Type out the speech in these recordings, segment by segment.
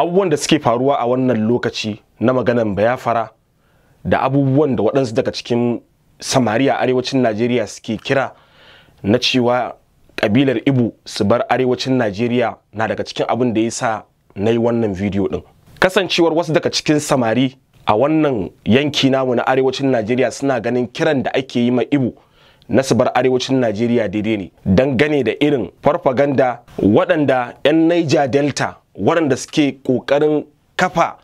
abubuwan da suke faruwa a wannan lokaci na maganan bayafara da abubuwan da waɗansu daga cikin samari a arewacin najeriya suke kira na cewa ƙabilar ibu su bar arewacin najeriya na daga cikin abin da ya sa na yi wannan bidiyo ɗin kasancewar wasu daga cikin samari a wannan yanki namu na arewacin najeriya suna ganin kiran da ake yi ma ibu na su bar arewacin najeriya daidai ne don gane da irin farfaganda waɗanda 'yan niger delta waɗanda suke ƙoƙarin kafa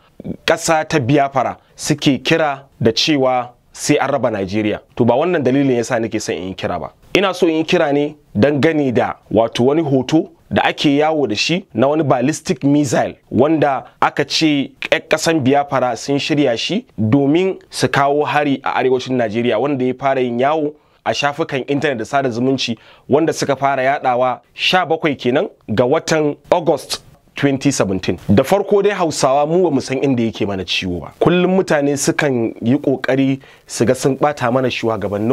ƙasa ta biyafara suke kira da cewa sai an raba Najeriya. To ba wannan dalilin yasa nake son in kira ba. Ina so in kira ne don gani da wato wani hoto da ake yawo da shi na wani ballistic missile wanda aka ce ƙasan biyafara sun shirya shi domin su kawo hari a arewacin Najeriya wanda ya fara yin yawo a shafukan intanet da sada zumunci wanda suka fara yadawa 17 kenan ga watan August 2017 da farko dai hausawa mu ba mu san inda yake mana ciwo ba kullum mutane sukan yi kokari su ga sun bata mana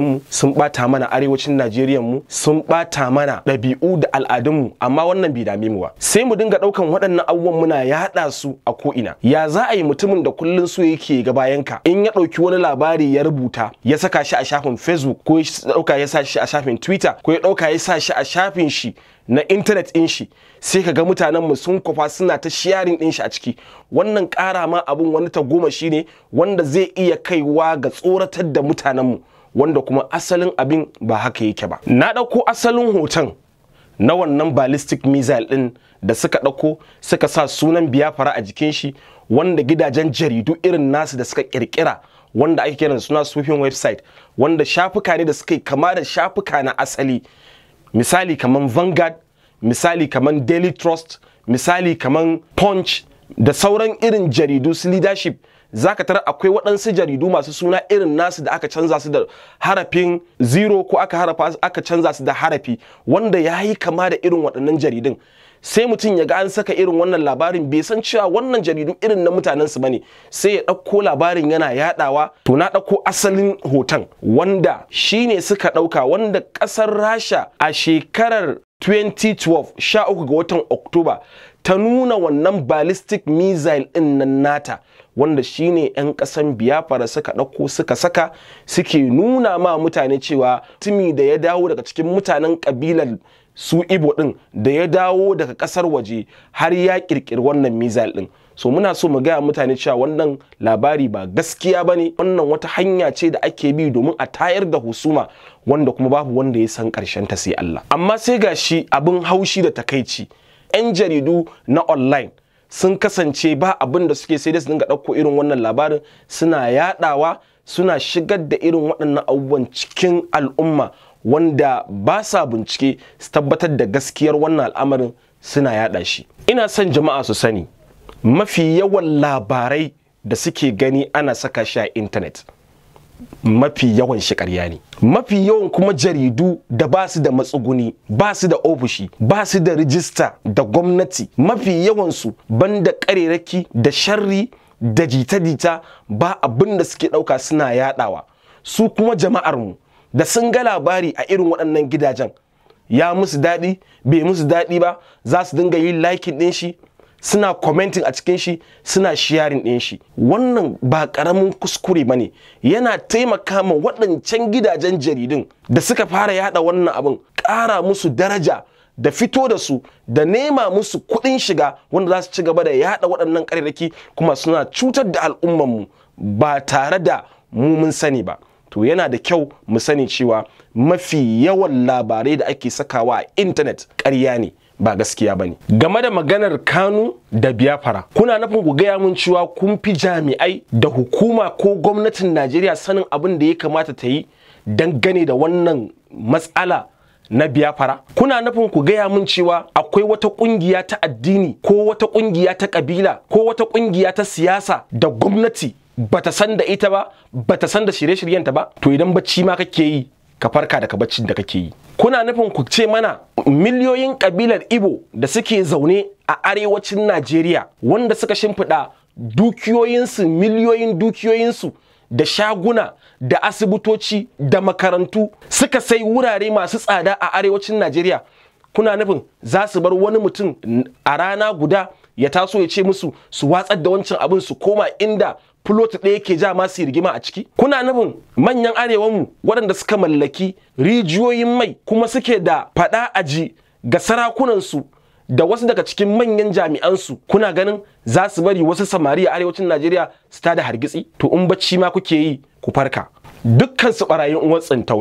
mu sun bata mana arewacin najeriya mu sun bata mana ɗabi'u da al'adunmu amma wannan bai dame mu ba sai mu dinga ɗaukan waɗannan abubuwan muna yaɗa su a ko'ina ya za a yi mutumin da kullum su yake ga bayan ka? in ya ɗauki wani labari ya rubuta ya saka shi a shafin facebook ko ya ɗauka ya sa shi a shafin twitter ko ya ɗauka ya sa shi a shafin shi na intanet ɗin shi sai ka ga mutanen mu sun kwafa suna ta sharing ɗin shi a ciki wannan ƙara ma abun wani ta goma shine wanda zai iya kaiwa ga tsoratar da mutanen mu wanda kuma asalin abin ba haka yake ba na ɗauko asalin hoton na wannan ballistic missile ɗin da suka ɗauko suka sa sunan biyafara a jikin shi wanda gidajen jaridu irin nasu da suka ƙirƙira wanda ake kiran suna sufin website wanda shafuka ne da suka yi kama da shafuka na asali misali kaman Vanguard misali kaman Daily Trust misali kaman Punch da sauran irin jaridu su leadership za ka tara akwai waɗansu jaridu masu suna irin nasu da aka canza su da harafin zero ko aka harafa aka canza su da harafi wanda ya yi kama da irin waɗannan jaridun sai mutum ya ga an saka irin wannan labarin bai san cewa wannan jaridu irin na mutanen su bane sai ya ɗauko labarin yana yadawa to na ɗauko asalin hoton wanda shine suka ɗauka wanda ƙasar rasha a shekarar 2012 13 ga watan oktoba ta nuna wannan ballistic missile ɗin nan nata wanda shine 'yan ƙasan biyafara suka ɗauko suka saka suke nuna ma mutane cewa timi da ya dawo daga cikin mutanen ƙabilar su ibo din da ya dawo daga kasar waje har ya kirkiri wannan mizal din so muna so mu gaya mutane cewa wannan labari ba gaskiya ba ne wannan wata hanya ce da ake bi domin a tayar da husuma wanda kuma babu wanda ya san karshen ta sai Allah amma sai gashi abin haushi da takaici 'yan jaridu na online sun kasance ba abin da suke sai da su dinga ɗauko irin wannan labarin suna yadawa suna shigar da irin waɗannan abubuwan cikin al'umma wanda ba sa bincike su tabbatar da gaskiyar wannan al'amarin suna yada shi ina son jama'a su sani mafi yawan labarai da suke gani ana saka shi a intanet mafi yawan shi ƙarya ne mafi yawan kuma jaridu da ba su da matsuguni ba su da ofishi ba su da rijista da gwamnati mafi yawansu banda ƙareraki da sharri da jita-jita ba abinda suke ɗauka suna yadawa su kuma jama'armu da sun ga labari a irin waɗannan gidajen ya musu daɗi bai musu daɗi ba za su dinga yin likin ɗin shi suna kwamentin a cikin shi suna sharing ɗin shi wannan ba ƙaramin kuskure ba ne yana taimaka ma waɗancan gidajen jaridun da suka fara yada wannan abin ƙara musu daraja da fito da su da nema musu kuɗin shiga wanda za su ci gaba da yada waɗannan ƙararraki kuma suna cutar da al'ummanmu ba tare da mu mun sani ba to yana da kyau mu sani cewa mafi yawan labarai da ake sakawa a intanet ƙarya ne ba gaskiya ba ne game da maganar kanu da biyafara kuna nufin ku gaya mun cewa kun fi jami'ai da hukuma ko gwamnatin najeriya sanin abin da ya kamata ta yi dangane da wannan matsala na biyafara kuna nufin ku gaya mun cewa akwai wata kungiya ta addini ko wata kungiya ta kabila ko wata kungiya ta siyasa da gwamnati bata san da ita ba bata san da shirye-shiryenta ba to idan bacci ma kake yi ka farka daga baccin da kake yi kuna nufin ku ce mana miliyoyin kabilar ibo da suke zaune a arewacin najeriya wanda suka shimfiɗa dukiyoyinsu miliyoyin dukiyoyinsu da shaguna da asibitoci da makarantu suka sai wurare masu tsada a arewacin najeriya kuna nufin za su bar wani mutum a rana guda ya taso ya ce musu su watsar da wancan abin su koma inda fulot ɗaya ke ja masu rigima a ciki kuna nufin manyan arewanmu waɗanda suka mallaki rijiyoyin mai kuma suke da faɗa aji ga sarakunansu da wasu daga cikin manyan jami'ansu kuna ganin za su bari wasu samari a arewacin najeriya su tada hargitsi to in bacci ma kuke yi ku farka dukkan su barayin uwan tsintau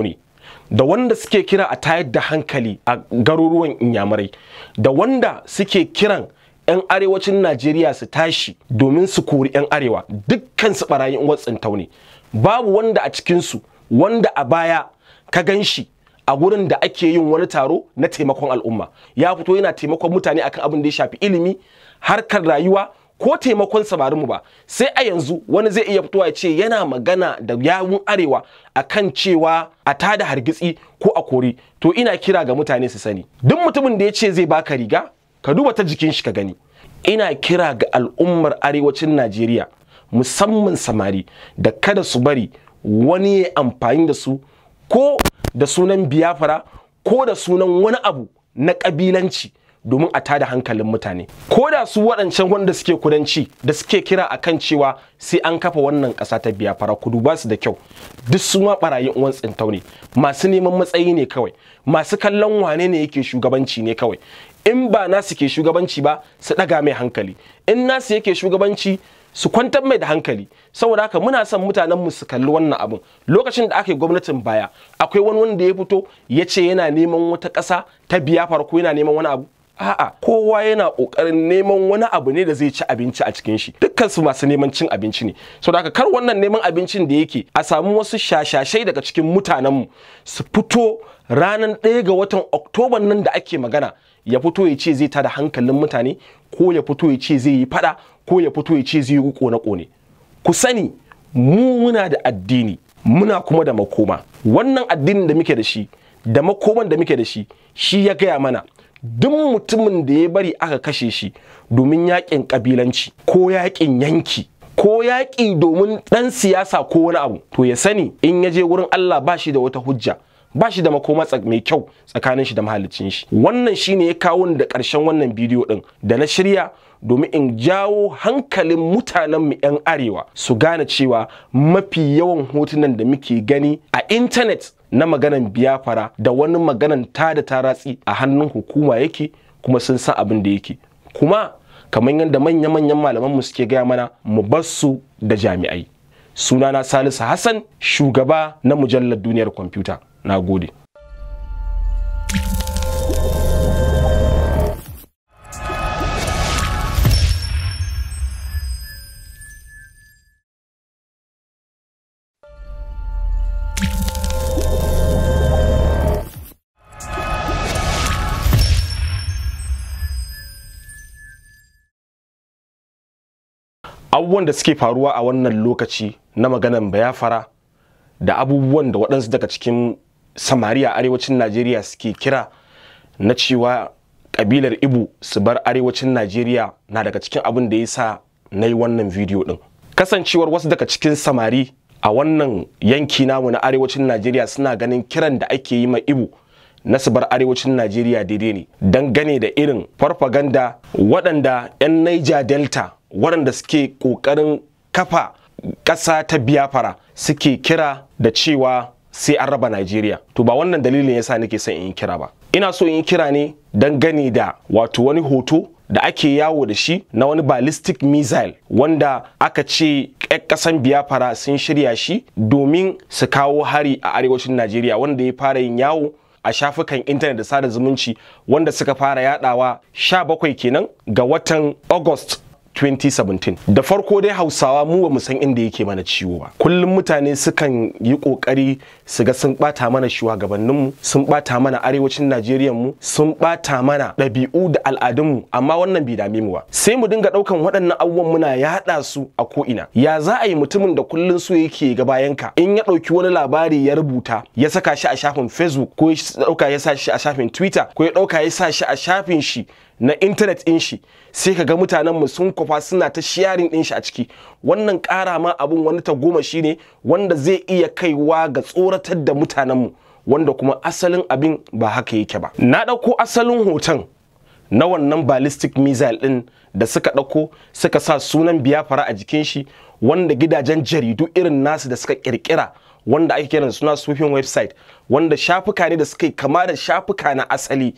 da wanda suke kira a tayar da hankali a garuruwan inyamurai da wanda suke kiran 'yan arewacin Najeriya su tashi domin su kori 'yan arewa dukkan su barayin watsin taune babu wanda a cikinsu wanda a baya ka gan shi a gurin da ake yin wani taro na taimakon al'umma ya fito yana taimakon mutane akan abin da ya shafi ilimi harkar rayuwa ko taimakon mu ba sai a yanzu wani zai iya fitowa ya ce yana magana da yawun arewa a kan cewa a ta da hargitsi ko a kori to ina kira ga mutane su sani duk mutumin da ya ce zai baka riga ka duba ta jikin shi ka gani ina kira ga al'ummar arewacin Najeriya musamman samari da kada su bari wani ya amfani da su ko da sunan biyafara ko da sunan wani abu na ƙabilanci domin a tada hankalin mutane ko da su waɗancan wanda suke kudanci da suke kira a kan cewa sai an kafa wannan ƙasa ta biyafara kudu ba su da kyau duk su ma ɓarayin uwan tsintau ne masu neman matsayi ne kawai masu kallon wane ne yake shugabanci ne kawai in ba nasu ke shugabanci ba su ɗaga mai hankali in nasu yake shugabanci su kwantar mai da hankali saboda haka muna son mutanen mu su kalli wannan abin lokacin da aka yi gwamnatin baya akwai wani wanda ya fito ya ce yana neman wata kasa ta biya farko yana neman wani abu a'a kowa yana kokarin neman wani abu ne da zai ci abinci a cikin shi dukkan su masu neman cin abinci ne saboda haka kar wannan neman abincin da yake a samu wasu shashashai daga cikin mutanen mu su fito ranar ɗaya ga watan oktoban nan da ake magana ya fito ya ce zai tada hankalin mutane ko ya fito ya ce zai yi fada ko ya fito ya ce zai yi kone-kone ku sani mu muna da addini muna kuma da makoma wannan addinin da muke da shi da makoman da muke da shi shi ya gaya mana duk mutumin da ya bari aka kashe shi domin yakin kabilanci ko yakin yanki ko yaƙi domin ɗan siyasa ko wani abu to ya sani in ya je wurin Allah ba shi da wata hujja ba shi da makoma mai kyau tsakanin shi da mahalicin shi wannan shine ya kawo ni da ƙarshen wannan bidiyo din da na shirya domin in jawo hankalin mutanen mu 'yan arewa su gane cewa mafi yawan hotunan da muke gani a intanet na maganan biyafara da wani maganan ta da ta ratsi. a hannun hukuma yake kuma sun san abin da yake kuma kamar yadda manya-manyan malamanmu suke gaya mana mu bar su da jami'ai sunana salisu hassan shugaba na mujallar duniyar kwamfuta na gode abubuwan da suke faruwa a wannan lokaci na maganan bayafara da abubuwan da waɗansu daga cikin samari a arewacin najeriya suke kira na cewa kabilar ibu su bar arewacin najeriya na daga cikin abin da ya sa na yi wannan bidiyo din kasancewar wasu daga cikin samari a wannan yanki namu na arewacin najeriya suna ganin kiran da ake yi ma ibu na su bar arewacin najeriya daidai ne don gane da irin farfaganda waɗanda 'yan niger delta waɗanda suke ƙoƙarin kafa ƙasa ta biyafara suke kira da cewa sai an raba Najeriya to ba wannan dalilin yasa nake son in kira ba ina so in kira ne don gani da wato wani hoto da ake yawo da shi na wani ballistic missile wanda aka ce ƙasan biyafara sun shirya shi domin su kawo hari a arewacin najeriya wanda ya fara yin yawo a shafukan intanet da sada zumunci wanda suka fara yadawa 17 kenan ga watan august 2017 da farko dai hausawa mu ba mu san inda yake mana ciwo ba kullum mutane sukan yi kokari su ga sun bata mana mu sun bata mana arewacin najeriya mu sun bata mana ɗabi'u da al'adunmu amma wannan bai dame mu ba sai mu dinga ɗaukan waɗannan abubuwan muna yaɗa su a ko'ina ya za a yi mutumin da kullum so yake ga bayan ka in ya ɗauki wani labari ya rubuta ya saka shi a shafin facebook ko ya dauka ya sa shi a shafin twitter ko ya ɗauka ya sa shi a shafin shi na intanet din shi sai ka ga mutanen mu sun kufa suna ta sharing din shi a ciki wannan ƙara ma abun wani ta goma shine wanda zai iya kaiwa ga tsoratar da mutanen mu wanda kuma asalin abin ba haka yake ba na ɗauko asalin hoton na wannan ballistic missile din da suka ɗauko suka sa sunan biyafara a jikin shi wanda gidajen jaridu irin nasu da suka ƙirƙira wanda ake kiran suna sufin website wanda shafuka ne da suka kama da shafuka na asali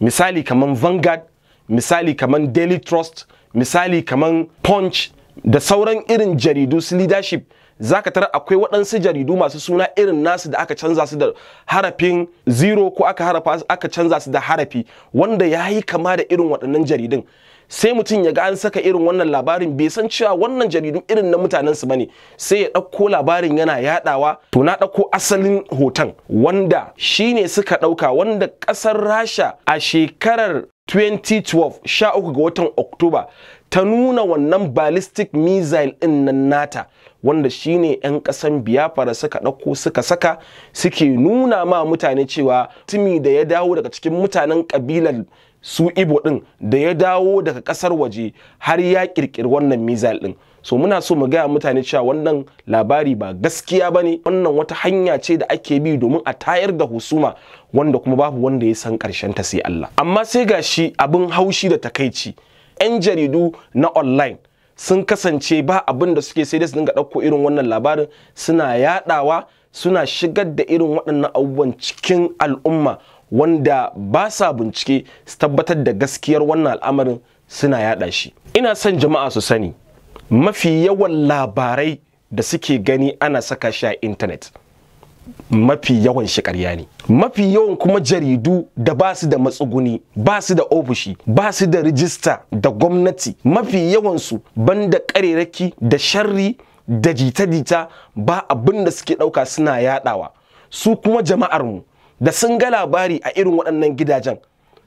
misali kaman Vanguard misali kaman Daily Trust misali kaman Punch da sauran irin jaridu su leadership zaka tara akwai waɗansu jaridu masu suna irin nasu da aka canza su da harafin zero ko aka harafa aka canza su da harafi wanda ya yi kama da irin waɗannan jaridun sai mutum ya ga an saka irin wannan labarin bai san cewa wannan jaridu irin na mutanen su bane sai ya ɗauko labarin yana yadawa to na ɗauko asalin hoton wanda shine suka ɗauka wanda ƙasar rasha a shekarar 2012 13 ga watan oktoba ta nuna wannan ballistic missile ɗin nan nata wanda shine 'yan ƙasan biyafara suka ɗauko suka saka suke nuna ma mutane cewa tumi da ya dawo daga cikin mutanen ƙabilar su ibo din da ya dawo daga kasar waje har ya kirkiri wannan mizal din so muna so mu gaya mutane cewa wannan labari ba gaskiya ba ne wannan wata hanya ce da ake bi domin a tayar da husuma wanda kuma babu wanda ya san karshen ta sai Allah amma sai gashi abin haushi da takaici 'yan jaridu na online sun kasance ba abin da suke sai da su dinga ɗauko irin wannan labarin suna yadawa suna shigar da irin waɗannan abubuwan cikin al'umma wanda ba sa bincike su tabbatar da gaskiyar wannan al'amarin suna yada shi ina son jama'a su sani mafi yawan labarai da suke gani ana saka shi a intanet mafi yawan shi ƙarya ne mafi yawan kuma jaridu da ba su da matsuguni ba su da ofishi ba su da rijista da gwamnati mafi yawansu banda ƙareraki da sharri da jita-jita ba abin da suke ɗauka suna yaɗawa su kuma jama'armu da sun ga labari a irin waɗannan gidajen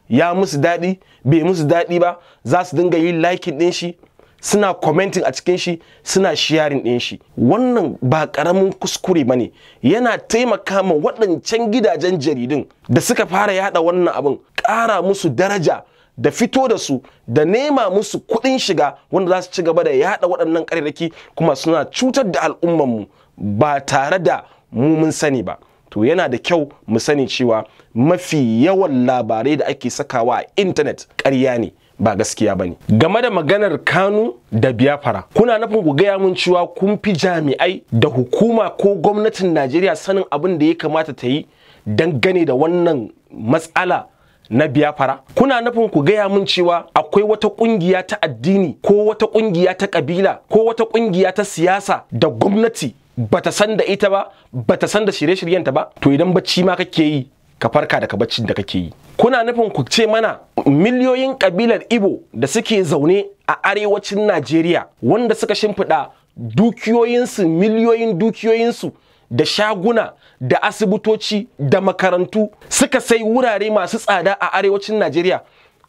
ya musu daɗi bai musu daɗi ba za su dinga yin likin ɗin shi suna commenting a cikin shi suna sharing ɗin shi wannan ba ƙaramin kuskure ba ne yana taimaka ma waɗancan gidajen jaridun da suka fara yada wannan abin ƙara musu daraja da fito da su da nema musu kuɗin shiga wanda za su ci gaba da yada waɗannan ƙarerraki kuma suna cutar da al'ummanmu ba tare da mu mun sani ba to yana da kyau mu sani cewa mafi yawan labarai da ake sakawa a intanet ƙarya ne ba gaskiya ba ne game da maganar kanu da biyafara kuna nufin ku gaya mun cewa kun fi jami'ai da hukuma ko gwamnatin najeriya sanin abin da ya kamata ta yi dangane da wannan matsala na biyafara kuna nufin ku gaya mun cewa akwai wata kungiya ta addini ko wata kungiya ta kabila ko wata kungiya ta siyasa da gwamnati bata san da ita ba bata san da shirye-shiryenta ba to idan bacci ma kake yi ka farka daga baccin da kake yi kuna nufin ku ce mana miliyoyin kabilar ibo da suke zaune a arewacin najeriya wanda suka shimfiɗa dukiyoyinsu miliyoyin dukiyoyinsu da shaguna da asibitoci da makarantu suka sai wurare masu tsada a arewacin najeriya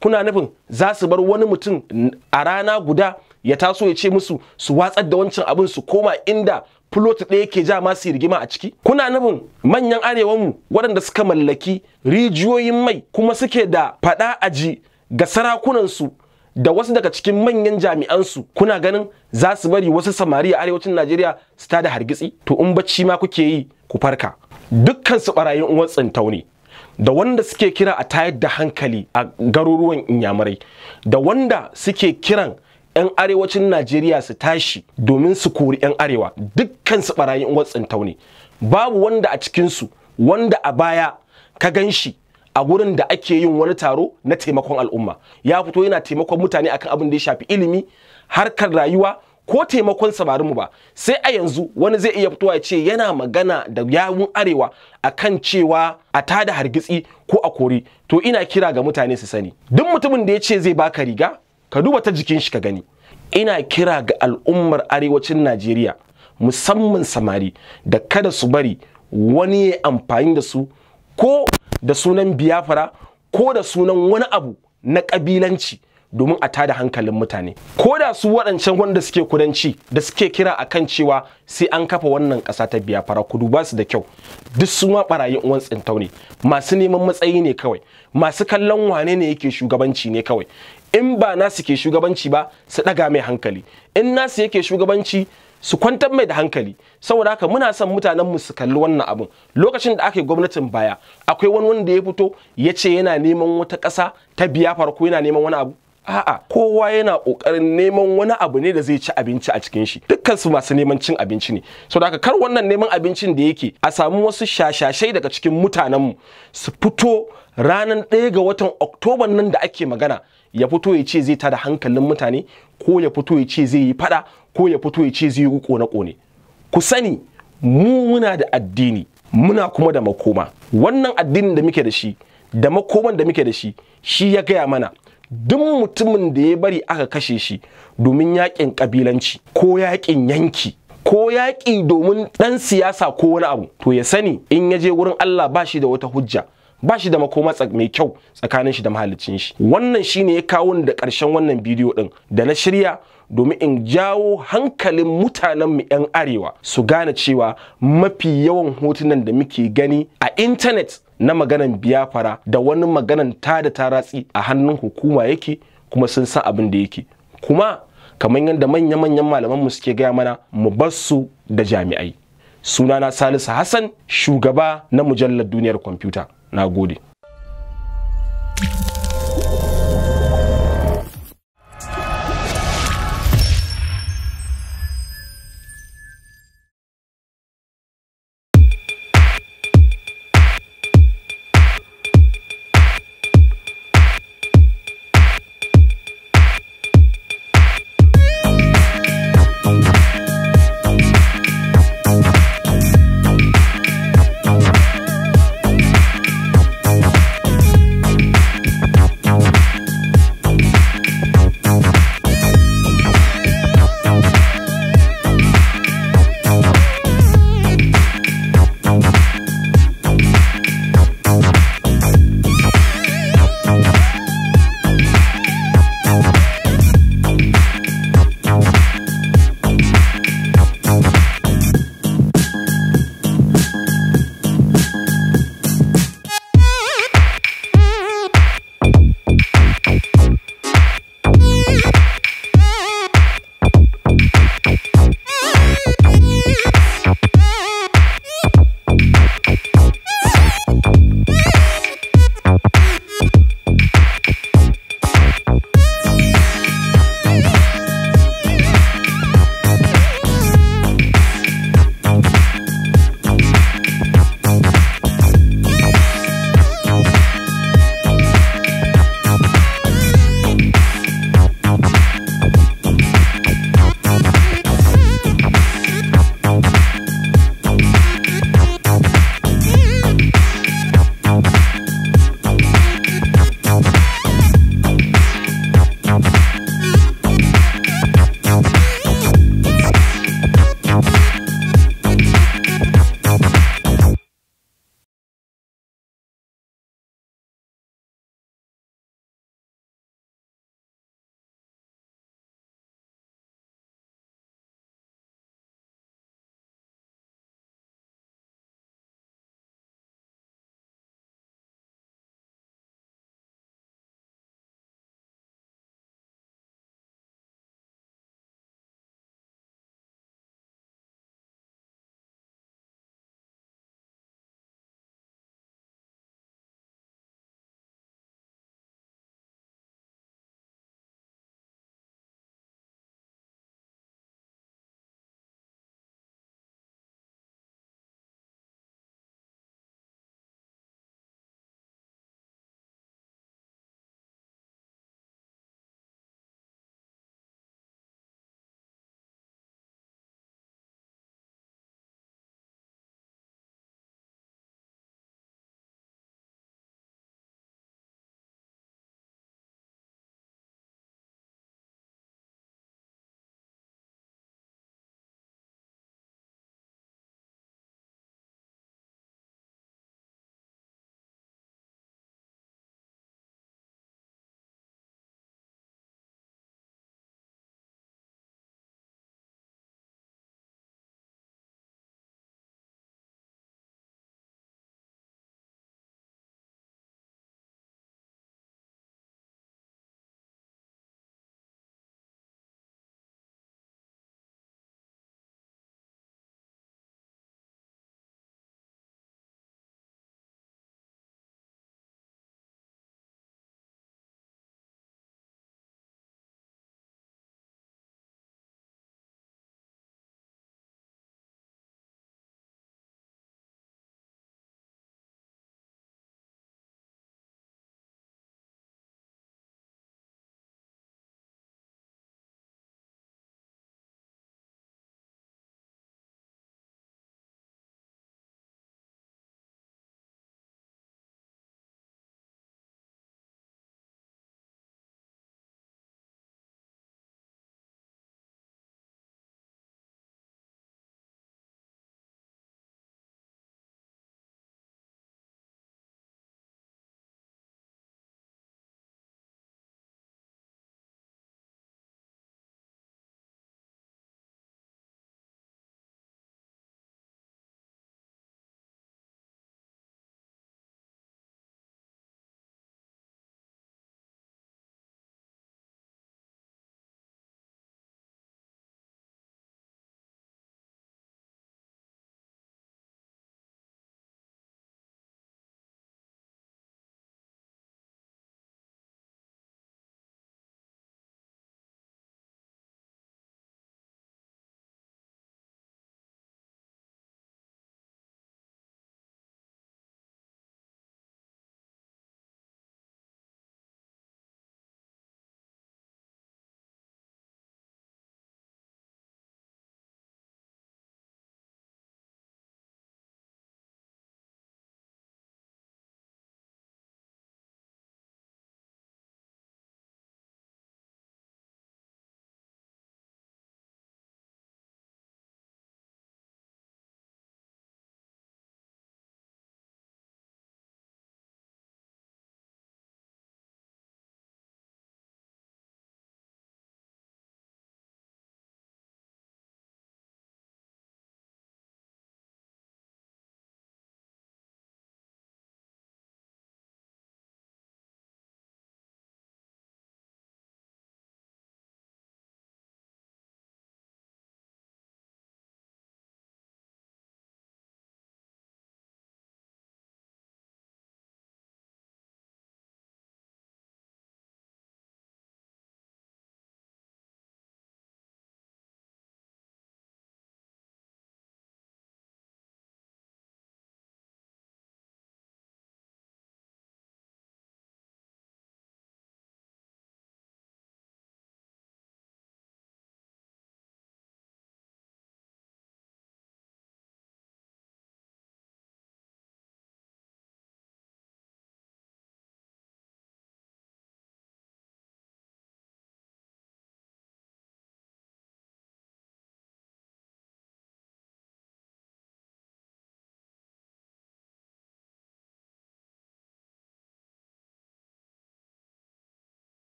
kuna nufin za su bar wani mutum a rana guda ya taso ya ce musu su watsar da wancan abin su koma inda fulot ɗaya ke ja ma su rigima a ciki kuna nubin manyan arewanmu waɗanda suka mallaki rijiyoyin mai kuma suke da faɗa aji ga sarakunansu da wasu daga cikin manyan jami'ansu kuna ganin za su bari wasu samari a arewacin najeriya su tada hargitsi to in bacci ma kuke yi ku farka dukkan su barayin uwan tsintau ne da wanda suke kira a tayar da hankali a garuruwan inyamurai da wanda suke kiran 'yan arewacin Najeriya su tashi domin su kori 'yan arewa dukkan su barayin watsin taune babu wanda a cikinsu wanda a baya ka gan shi a gurin da ake yin wani taro na taimakon al'umma ya fito yana taimakon mutane akan abin da ya shafi ilimi harkar rayuwa ko taimakon mu ba sai a yanzu wani zai iya fitowa ya ce yana magana da yawun arewa akan cewa a tada hargitsi ko a kori to ina kira ga mutane su sani duk mutumin da ya ce zai baka riga ka duba ta jikin shi ka gani ina kira ga al'ummar arewacin Najeriya musamman samari da kada su bari wani ya amfani da su ko da sunan biyafara ko da sunan wani abu na ƙabilanci domin a tada hankalin mutane ko da su waɗancan wanda suke kudanci da suke kira a kan cewa sai an kafa wannan ƙasa ta biyafara kudu ba su da kyau duk su ma ɓarayin uwan tsintau ne masu neman matsayi ne kawai masu kallon wane ne yake shugabanci ne kawai in ba nasu ke shugabanci ba su ɗaga mai hankali in nasu yake shugabanci su kwantar mai da hankali saboda haka muna son mutanen mu su kalli wannan abin lokacin da aka yi gwamnatin baya akwai wani wanda ya fito ya ce yana neman wata ƙasa ta biya farko yana neman wani abu a'a kowa yana kokarin neman wani abu ne da zai ci abinci a cikin shi dukkan su masu neman cin abinci ne saboda haka kar wannan neman abincin da yake a samu wasu shashashai daga cikin mutanen mu su fito ranan ɗaya ga watan oktoban nan da ake magana ya fito ya ce zai da hankalin mutane ko ya fito ya ce zai yi fada ko ya fito ya ce zai yi kone-kone ku sani mu muna da addini muna kuma da makoma wannan addinin da muke da shi da makoman da muke da shi shi ya gaya mana duk mutumin da ya bari aka kashe shi domin yakin kabilanci ko yakin yanki ko yaƙi domin ɗan siyasa ko wani abu to ya sani in ya je wurin Allah ba shi da wata hujja ba shi da makoma mai kyau tsakanin shi da mahalicin shi wannan shine ya kawo da karshen wannan bidiyo din da na shirya domin in jawo hankalin mutanen mu 'yan arewa su gane cewa mafi yawan hotunan da muke gani a intanet na maganan biyafara da wani maganan ta da ta ratsi a hannun hukuma yake kuma sun san abin da yake kuma kamar yadda manya-manyan malaman mu suke gaya mana mu bar su da jami'ai sunana salisu hassan shugaba na mujallar duniyar kwamfuta na gode